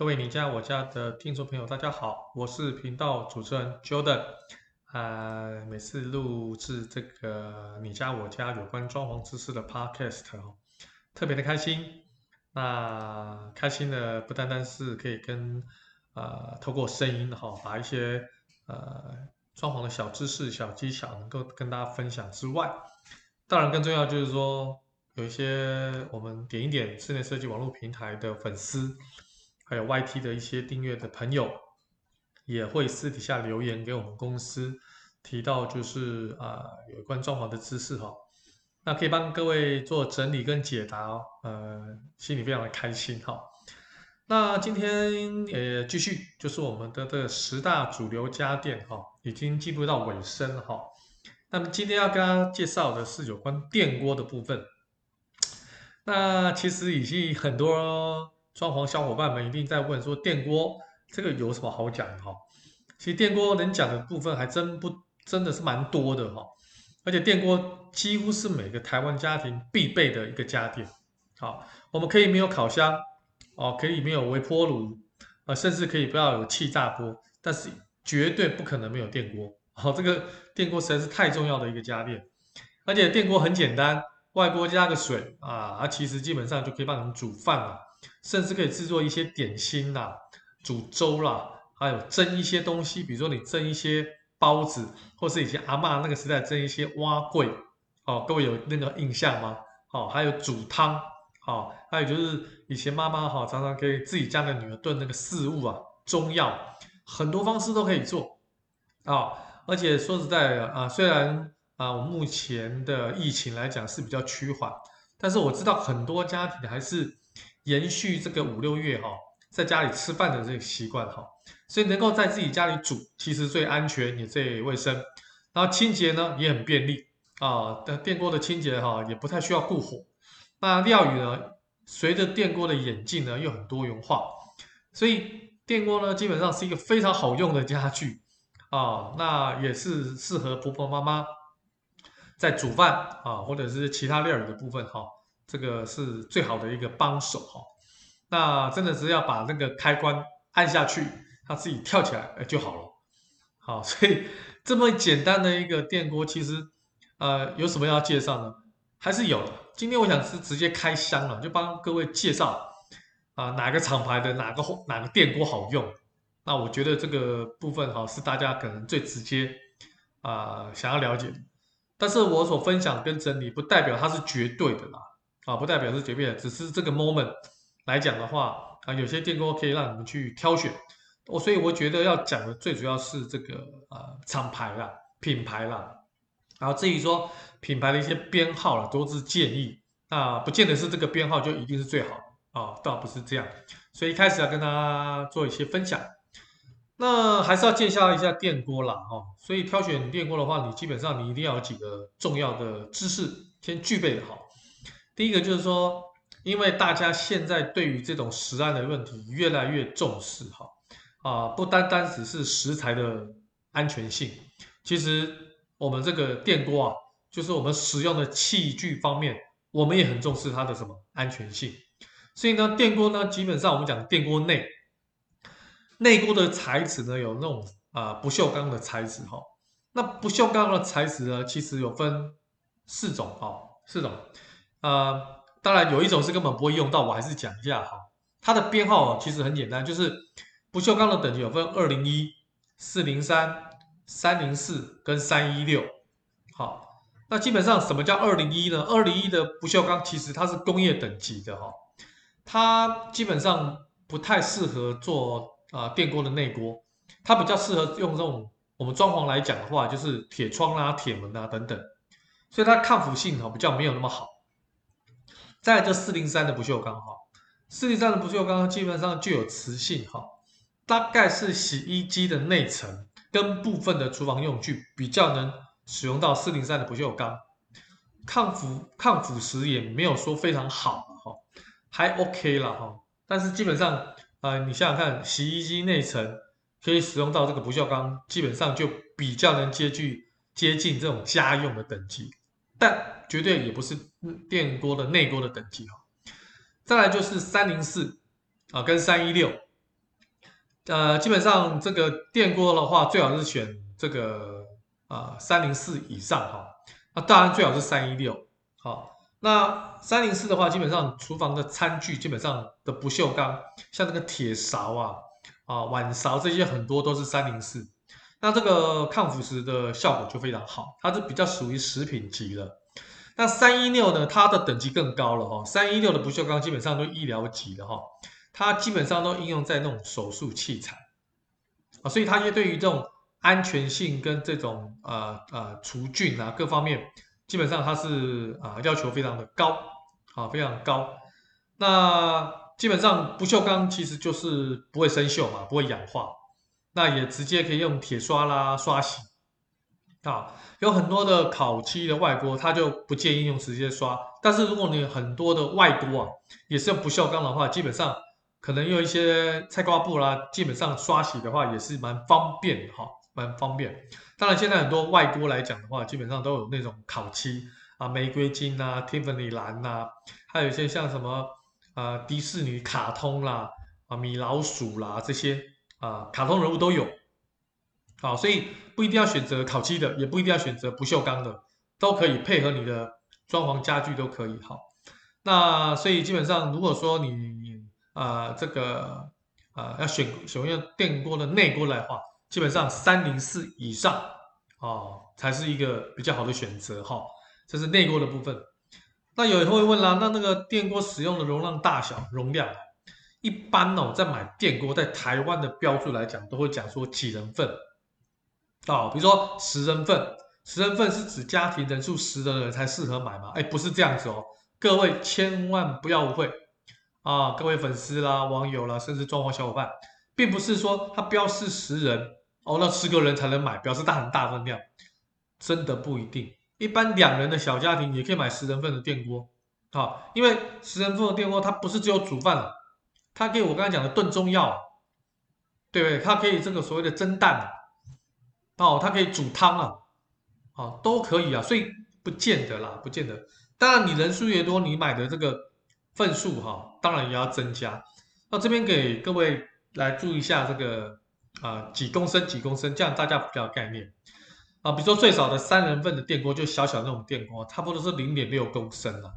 各位你家我家的聽眾朋友，大家好，我是頻道主持人 Jordan、呃。啊，每次錄製這個你家我家有關裝潢知識的 Podcast、哦、特別的開心。那、呃、開心的不單單是可以跟啊、呃，透過聲音哈、哦，把一些呃裝潢的小知識、小技巧能夠跟大家分享之外，當然更重要就是說，有一些我們點一點室內設計網絡平台的粉絲。還有 YT 的一些訂閱的朋友，也會私底下留言給我們公司，提到就是啊、呃、有關裝潢的知識哈、哦，那可以幫各位做整理跟解答哦、呃，心裡非常的開心哈、哦。那今天也繼續就是我們的這十大主流家電哈、哦，已經進入到尾聲哈、哦。那麼今天要跟大家介紹的是有關電鍋的部分，那其實已經很多、哦。裝潢小夥伴們一定在問說，電鍋這個有什麼好講的哈？其實電鍋能講的部分還真不真的是蠻多的哈，而且電鍋幾乎是每個台灣家庭必備的一個家電。好，我們可以沒有烤箱哦，可以沒有微波爐啊，甚至可以不要有氣炸鍋，但是絕對不可能沒有電鍋。好，這個電鍋實在是太重要的一個家電，而且電鍋很簡單，外鍋加個水啊，啊其實基本上就可以幫你們煮飯了。甚至可以製作一些點心啦、啊，煮粥啦、啊，還有蒸一些東西，比如說你蒸一些包子，或是以前阿嬤那個時代蒸一些碗粿，哦，各位有那個印象嗎？哦，還有煮湯，哦，還有就是以前媽媽哈常常給自己家的女兒燉那個四物啊，中藥，很多方式都可以做啊、哦，而且說實在啊，雖然啊，我目前的疫情來講是比較趨緩，但是我知道很多家庭還是。延續這個五六月哈，在家裡吃飯的這個習慣哈，所以能夠在自己家裡煮，其實最安全也最衛生，然後清潔呢也很便利啊。電鍋的清潔哈也不太需要顧火，那料理呢，隨着電鍋的演進呢又很多元化，所以電鍋呢基本上是一個非常好用的家具啊，那也是適合婆婆媽媽在煮飯啊或者是其他料理的部分哈。這個是最好的一個幫手哈，那真的是要把那個開關按下去，它自己跳起來哎就好了。好，所以這麼簡單的一個電鍋，其實呃有什麼要介紹呢？還是有的。今天我想是直接開箱了，就幫各位介紹啊、呃、哪個廠牌的哪個哪個電鍋好用。那我覺得這個部分哈、哦、是大家可能最直接啊、呃、想要了解的。但是我所分享跟整理不代表它是絕對的啦。啊，不代表是絕對的，只是這個 moment 來講的話，啊，有些電鍋可以讓你們去挑選。我、哦、所以我覺得要講的最主要是這個啊，廠、呃、牌啦、品牌啦，然、啊、後至於說品牌的一些編號啦，都是建議，啊，不見得是這個編號就一定是最好啊，倒不是這樣。所以一開始要跟大家做一些分享，那還是要介紹一下電鍋啦，哦。所以挑選電鍋的話，你基本上你一定要有幾個重要的知識先具備的好。第一個就是說，因為大家現在對於這種食安的問題越來越重視哈，啊，不單單只是食材的安全性，其實我們這個電鍋啊，就是我們使用的器具方面，我們也很重視它的什麼安全性。所以呢，電鍋呢，基本上我們講電鍋內內鍋的材質呢，有那種啊不鏽鋼的材質哈、哦，那不鏽鋼的材質呢，其實有分四種啊、哦，四種。呃，當然有一種是根本不會用到，我還是講一下哈。它的編號其實很簡單，就是不鏽鋼的等級有分二零一、四零三、三零四跟三一六。好，那基本上什麼叫二零一呢？二零一的不鏽鋼其實它是工業等級的哈，它基本上不太適合做啊電鍋的內鍋，它比較適合用這種我們裝潢來講的話，就是鐵窗啦、啊、鐵門啊等等，所以它抗腐性哈比較沒有那麼好。再就403的不鏽鋼哈，403的不鏽鋼基本上具有磁性哈，大概是洗衣機的內層跟部分的廚房用具比較能使用到403的不鏽鋼，抗腐抗腐蝕也沒有說非常好哈，還 OK 了哈，但是基本上啊你想想看，洗衣機內層可以使用到這個不鏽鋼，基本上就比較能接近接近這種家用的等級。但絕對也不是電鍋的內鍋的等級哈、哦，再來就是三零四啊，跟三一六，呃，基本上這個電鍋的話，最好是選這個啊三零四以上哈、啊，那當然最好是三一六。好，那三零四的話，基本上廚房的餐具，基本上的不鏽鋼，像這個鐵勺啊啊碗勺這些，很多都是三零四。那這個抗腐蝕的效果就非常好，它是比較屬於食品級的。那三一六呢，它的等級更高了哈、哦，三一六的不鏽鋼基本上都醫療級的哈、哦，它基本上都應用在那種手術器材啊，所以它因為對於這種安全性跟這種呃呃除菌啊各方面，基本上它是啊、呃，要求非常的高，啊非常高。那基本上不鏽鋼其實就是不會生鏽嘛，不會氧化。那也直接可以用鐵刷啦刷洗，啊，有很多的烤漆的外鍋，它就不建議用直接刷。但是如果你很多的外鍋啊，也是用不鏽鋼的話，基本上可能用一些菜瓜布啦，基本上刷洗的話也是蠻方便哈，蠻方便。當然現在很多外鍋來講的話，基本上都有那種烤漆啊，玫瑰金啊，蒂芙尼藍吶，還有一些像什麼啊迪士尼卡通啦，啊米老鼠啦這些。啊，卡通人物都有，好，所以不一定要選擇烤漆的，也不一定要選擇不鏽鋼的，都可以配合你的裝潢家具都可以。好，那所以基本上，如果說你啊、呃、這個啊、呃、要選選用電鍋的內鍋來的話，基本上三零四以上啊、哦、才是一個比較好的選擇。哈、哦，這是內鍋的部分。那有人會問了，那那個電鍋使用的容量大小，容量？一般哦，在買電鍋，在台灣的標註來講，都會講說幾人份，哦，比如說十人份，十人份是指家庭人數十人的人才適合買嗎？哎，不是這樣子哦，各位千萬不要誤會啊、哦，各位粉絲啦、網友啦，甚至中華小伙伴，並不是說它標示十人哦，那十個人才能買，表示大很大分量，真的不一定，一般兩人的小家庭也可以買十人份的電鍋，啊、哦，因為十人份的電鍋它不是只有煮飯了、啊。它可以我剛才講的燉中藥，對不對？它可以這個所謂的蒸蛋，哦，它可以煮湯啊，哦，都可以啊，所以不見得啦，不見得。當然你人數越多，你買的這個份數哈、啊，當然也要增加。那這邊給各位來注意一下這個啊、呃，幾公升幾公升，這樣大家比較有概念啊。比如說最少的三人份的電鍋就小小那種電鍋，差不多是零點六公升了、啊。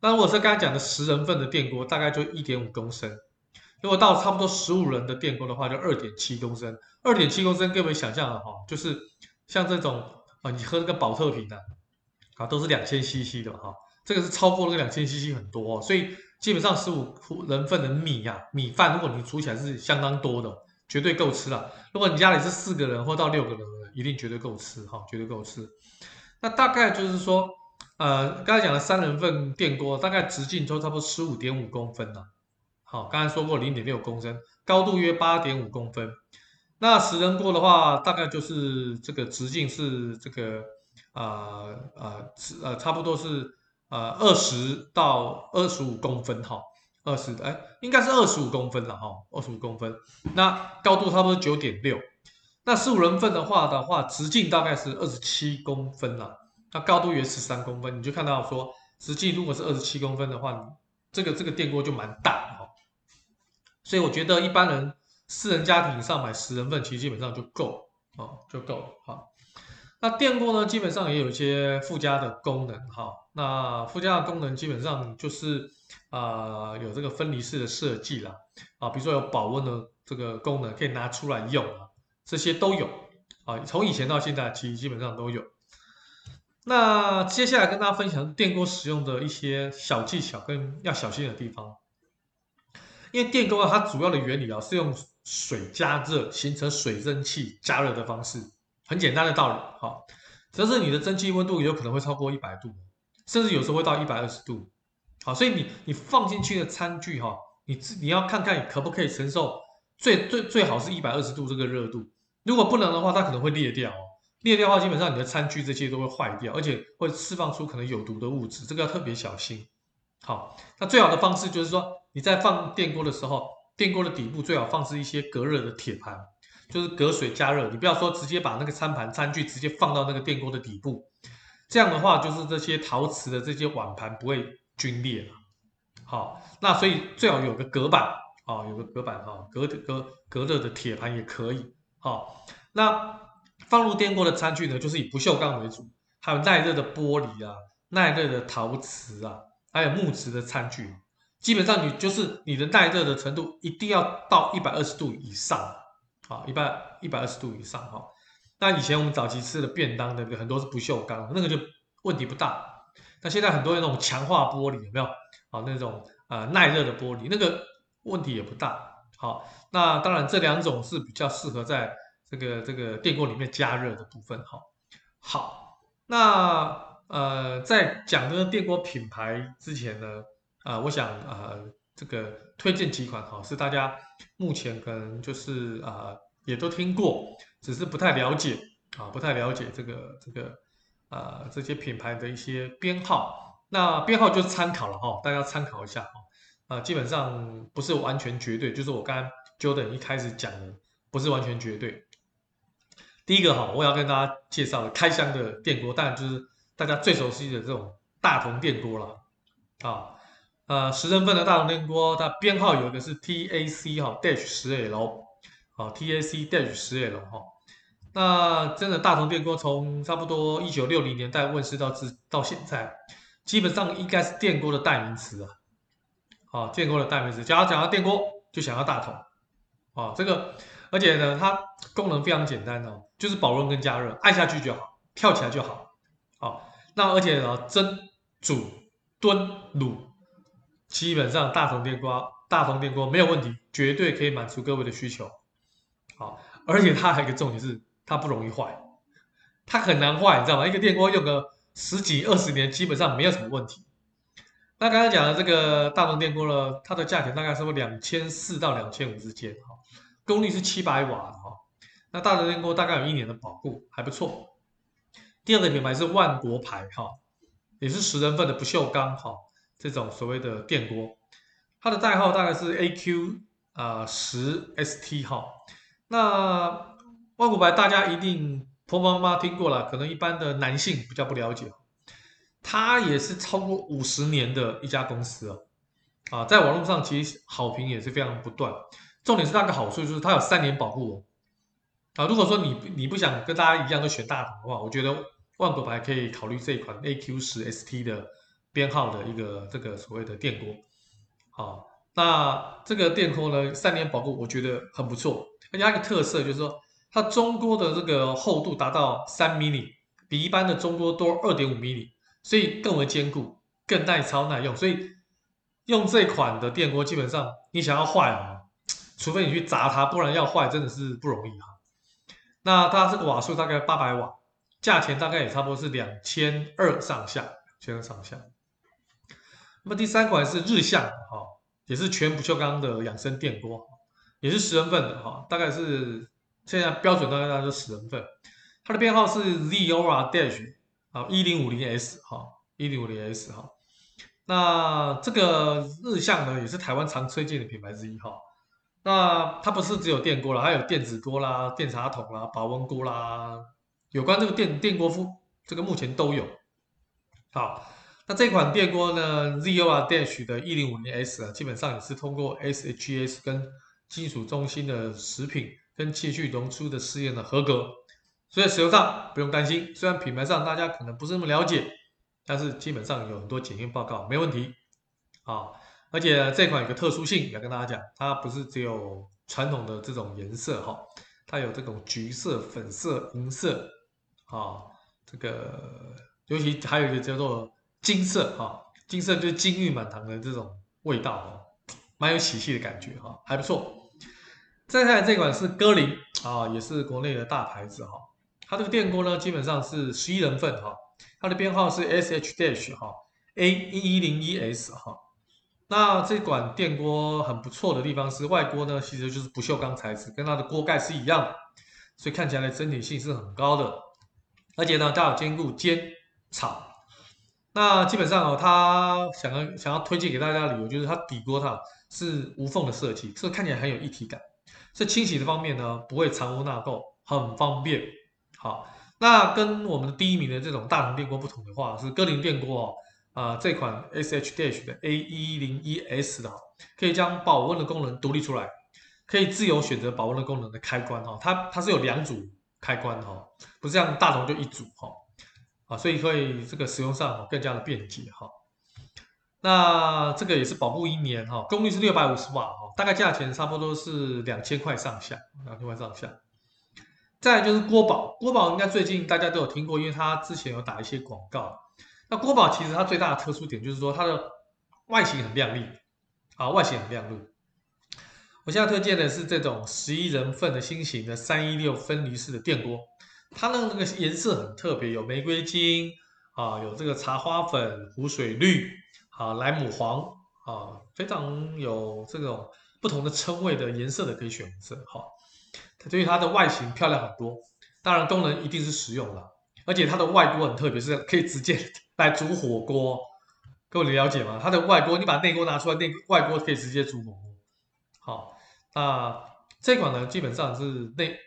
那如果是剛才講的十人份的電鍋，大概就一點五公升。如果到了差不多十五人的電鍋的話，就二點七公升，二點七公升，各位想象哈，就是像這種啊，你喝那個寶特瓶的，啊，啊都是兩千 CC 的哈，這個是超過那兩千 CC 很多，所以基本上十五人份的米呀、啊、米飯，如果你煮起來是相當多的，絕對夠吃了。如果你家裡是四個人或到六個人，一定絕對夠吃哈，絕對夠吃。那大概就是說，呃，剛才講的三人份電鍋，大概直徑都差不多十五點五公分了。好，剛才說過零點六公升，高度約八點五公分。那十人鍋的話，大概就是這個直徑是這個，呃呃，是、呃、差不多是呃二十到二十五公分哈，二十哎應該是二十五公分了哈，二十五公分。那高度差不多九點六，那十五人份的話的話，直徑大概是二十七公分了，那高度約十三公分。你就看到說，實際如果是二十七公分的話，這個這個電鍋就蠻大哈所以我覺得一般人四人家庭上買十人份，其實基本上就夠啊，就夠了。好，那電鍋呢，基本上也有一些附加的功能。好，那附加的功能基本上就是啊、呃，有這個分離式的設計啦，啊，比如說有保溫的這個功能可以拿出來用、啊，這些都有。啊，從以前到現在，其實基本上都有。那接下來跟大家分享電鍋使用的一些小技巧跟要小心的地方。因為電鍋啊，它主要的原理啊是用水加熱形成水蒸氣加熱的方式，很簡單的道理哈，只是你的蒸汽溫度也有可能會超過一百度，甚至有時候會到一百二十度。好，所以你你放進去的餐具哈，你你要看看可不可以承受最最最好是一百二十度這個熱度。如果不能的話，它可能會裂掉。裂掉的話，基本上你的餐具這些都會壞掉，而且會釋放出可能有毒的物質，這個要特別小心。好，那最好的方式就是說。你在放電鍋的時候，電鍋的底部最好放置一些隔熱的鐵盤，就是隔水加熱。你不要說直接把那個餐盤餐具直接放到那個電鍋的底部，這樣的話就是這些陶瓷的這些碗盤不會龜裂了。好，那所以最好有個隔板啊、哦，有個隔板哈，隔的隔隔熱的鐵盤也可以。好、哦，那放入電鍋的餐具呢，就是以不鏽鋼為主，還有耐熱的玻璃啊，耐熱的陶瓷啊，還有木質的餐具。基本上你就是你的耐熱的程度一定要到一百二十度以上啊，一般一百二十度以上哈。那以前我們早期吃的便當那個很多是不鏽鋼，那個就問題不大。那現在很多那種強化玻璃有沒有？好，那種、呃、耐熱的玻璃，那個問題也不大。好，那當然這兩種是比較適合在這個這個電鍋裡面加熱的部分哈。好，好，那呃在講這個電鍋品牌之前呢。啊、呃，我想啊、呃，這個推薦幾款，哦、是大家目前可能就是啊、呃，也都聽過，只是不太了解啊、呃，不太了解這個這個呃這些品牌的一些編號，那編號就是參考了哈、哦，大家參考一下啊、哦，啊、呃，基本上不是完全絕對，就是我剛剛 Jordan 一開始講的，不是完全絕對。第一個哈、哦，我要跟大家介紹的開箱的電鍋，當然就是大家最熟悉的這種大同電鍋了啊。呃，十人份的大同電鍋，它編號有一個是 T A C 哈 dash 十 L，T A C dash 十 L 哈。那真的大同電鍋從差不多一九六零年代問世到至到現在，基本上應該是電鍋的代名詞啊。啊、哦，電鍋的代名詞，只要想要電鍋就想要大同啊、哦。這個，而且呢，它功能非常簡單哦，就是保溫跟加熱，按下去就好，跳起來就好。啊、哦，那而且呢，蒸、煮、燉、滷。基本上大同電鍋、大同電鍋沒有問題，絕對可以滿足各位的需求。好，而且它還有一個重點是，它不容易壞，它很難壞，你知道嗎？一個電鍋用個十幾二十年，基本上沒有什麼問題。那剛才講的這個大同電鍋呢，它的價錢大概是兩千四到兩千五之間，哈，功率是七百瓦的，哈。那大同電鍋大概有一年的保固，還不錯。第二個品牌是萬國牌，哈，也是十人份的不鏽鋼，哈。這種所謂的電鍋，它的代號大概是 A Q 啊、呃、十 S T 哈，那萬國牌大家一定婆婆媽媽聽過了，可能一般的男性比較不了解。它也是超過五十年的一家公司哦、啊，啊，在網絡上其實好評也是非常不斷。重點是它的好處就是它有三年保護哦。啊，如果說你你不想跟大家一樣都選大同的話，我覺得萬國牌可以考慮這一款 A Q 十 S T 的。編號的一個這個所謂的電鍋，好，那這個電鍋呢，三年保固我覺得很不錯。它一個特色就是說，它中鍋的這個厚度達到三釐米，比一般的中鍋多二點五釐米，所以更為堅固，更耐操耐用。所以用這款的電鍋，基本上你想要壞啊，除非你去砸它，不然要壞真的是不容易啊。那它這個瓦數大概八百瓦，價錢大概也差不多是兩千二上下，兩千二上下。那麼第三款是日象哈，也是全不鏽鋼的養生電鍋，也是十人份的哈，大概是現在標準大概量就十人份，它的編號是 ZORA Dash 啊一零五零 S 哈，一零五零 S 哈，那這個日象呢也是台灣常推薦的品牌之一哈，那它不是只有電鍋啦，還有電子鍋啦、電茶桶啦、保溫鍋啦，有關這個電電鍋夫這個目前都有好。那這款電鍋呢，Z O R D H 的1050 S 啊，基本上也是通過 S H S 跟金屬中心的食品跟器具溶出的試驗的合格，所以使用上不用擔心。雖然品牌上大家可能不是那麼了解，但是基本上有很多檢驗報告，沒問題啊。而且這款有個特殊性要跟大家講，它不是只有傳統的這種顏色哈，它有這種橘色、粉色、銀色啊，這個尤其還有一個叫做。金色哈，金色就是金玉滿堂的這種味道哦，蠻有喜氣的感覺哈，還不錯。再看這款是歌林啊，也是國內的大牌子哈。它這個電鍋呢，基本上是十一人份哈。它的編號是、SH e、S H dash 哈 A 一一零一 S 哈。那這款電鍋很不錯的地方是，外鍋呢其實就是不鏽鋼材質，跟它的鍋蓋是一樣，所以看起來的整體性是很高的。而且呢，它有兼顧煎炒。那基本上哦，他想要想要推薦給大家的理由就是，它底鍋它是無縫的設計，所以看起來很有一體感。在清洗的方面呢，不會藏污納垢，很方便。好，那跟我們的第一名的這種大同電鍋不同的話，是歌林電鍋哦，啊、呃、這款 S H dash 的 A 一零一 S 的，可以將保溫的功能獨立出來，可以自由選擇保溫的功能的開關哦。它它是有兩組開關哦，不是像大同就一組哈、哦。啊，所以所以這個使用上更加的便捷哈，那這個也是保固一年哈，功率是六百五十瓦，大概價錢差不多是兩千塊上下，兩千塊上下。再來就是鍋寶，鍋寶應該最近大家都有聽過，因為它之前有打一些廣告。那鍋寶其實它最大的特殊點就是說它的外形很亮麗，啊外形很亮麗。我現在推薦的是這種十一人份的新型的三一六分離式的電鍋。它的那個顏色很特別，有玫瑰金啊，有這個茶花粉、湖水綠啊、萊姆黃啊，非常有這種不同的稱謂的顏色的可以選擇。哈、哦，它對於它的外形漂亮很多，當然功能一定是實用了，而且它的外鍋很特別，是可以直接來煮火鍋。各位你了解嗎？它的外鍋，你把內鍋拿出來，內外鍋可以直接煮火鍋。好、哦，那這款呢，基本上是內。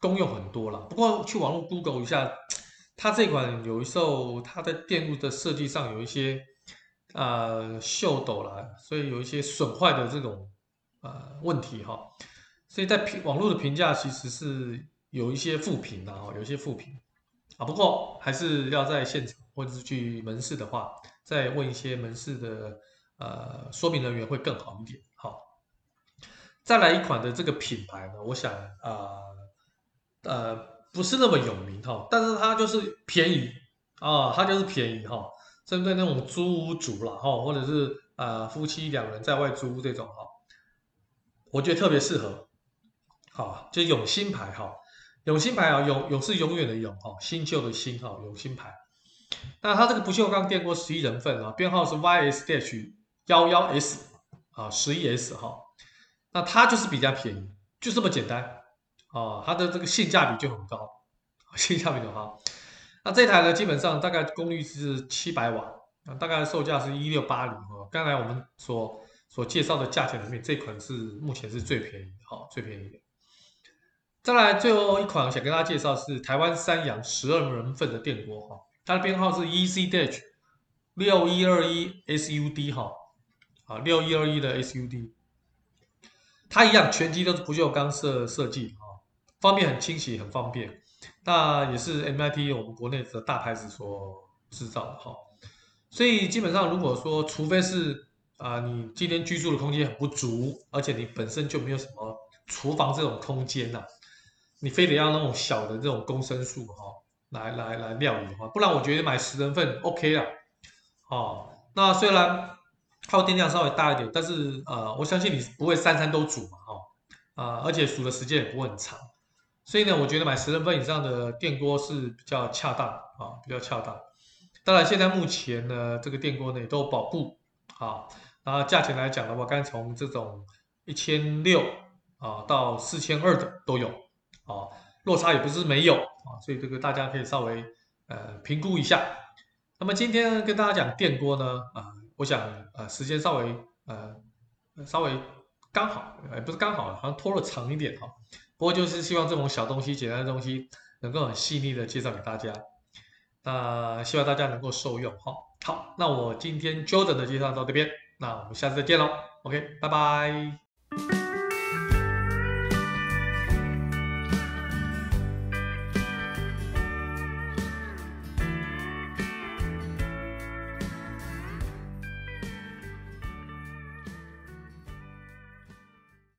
功用很多啦，不過去網絡 Google 一下，它這款有一時候它在電路的設計上有一些呃秀逗啦，所以有一些損壞的這種呃問題哈、哦，所以在評網絡的評價其實是有一些負評的、哦、有一些負評啊，不過還是要在現場或者是去門市的話，再問一些門市的呃說明人員會更好一點哈、哦。再來一款的這個品牌呢，我想啊。呃呃，不是那麼有名哈，但是它就是便宜啊、哦，它就是便宜哈。針對那種租屋族了哈，或者是呃夫妻兩人在外租屋這種哈，我覺得特別適合。好、哦，就永新牌哈，永、哦、新牌啊，永永是永遠的永哈，新舊的新哈，永、哦、新牌。那它這個不鏽鋼電鍋十一人份啊，編號是 YSDH 幺幺 S 啊、哦，十一 S 哈、哦。那它就是比較便宜，就這麼簡單。哦，它的這個性價比就很高，性價比很高。那這台呢，基本上大概功率是七百瓦，啊，大概售價是一六八零哈。剛才我們所所介紹的價錢裡面，這款是目前是最便宜，好、哦、最便宜的。再來最後一款，想跟大家介紹是台灣三洋十二人份的電鍋哈、哦，它的編號是 E C dash 六一二一 S U D 哈、哦，啊六一二一的 S U D，它一樣全機都是不鏽鋼設設計。方便很清洗，很方便。那也是 M I T 我們國內的大牌子所製造的哈、哦。所以基本上如果說，除非是啊、呃、你今天居住的空間很不足，而且你本身就沒有什麼廚房這種空間吶、啊，你非得要那種小的這種公升數哈、哦，來來來料理的話，不然我覺得買十人份 O K 了。啊、哦，那雖然耗電量稍微大一點，但是呃我相信你不會三餐都煮嘛哈啊、哦呃，而且煮的時間也不會很長。所以呢，我覺得買十人份以上的電鍋是比較恰當啊、哦，比較恰當。當然，現在目前呢，這個電鍋呢也都保固啊。那、哦、價錢來講的話，我剛才從這種一千六啊到四千二的都有啊、哦，落差也不是沒有啊、哦。所以這個大家可以稍微呃評估一下。那麼今天跟大家講電鍋呢啊、呃，我想啊、呃、時間稍微呃稍微。剛好，也、哎、不是剛好，好像拖了長一點哈。不過就是希望這種小東西、簡單的東西，能夠很細膩的介紹給大家。那、呃、希望大家能夠受用哈。好，那我今天 Jordan 的介紹到這邊，那我們下次再見嘍。OK，拜拜。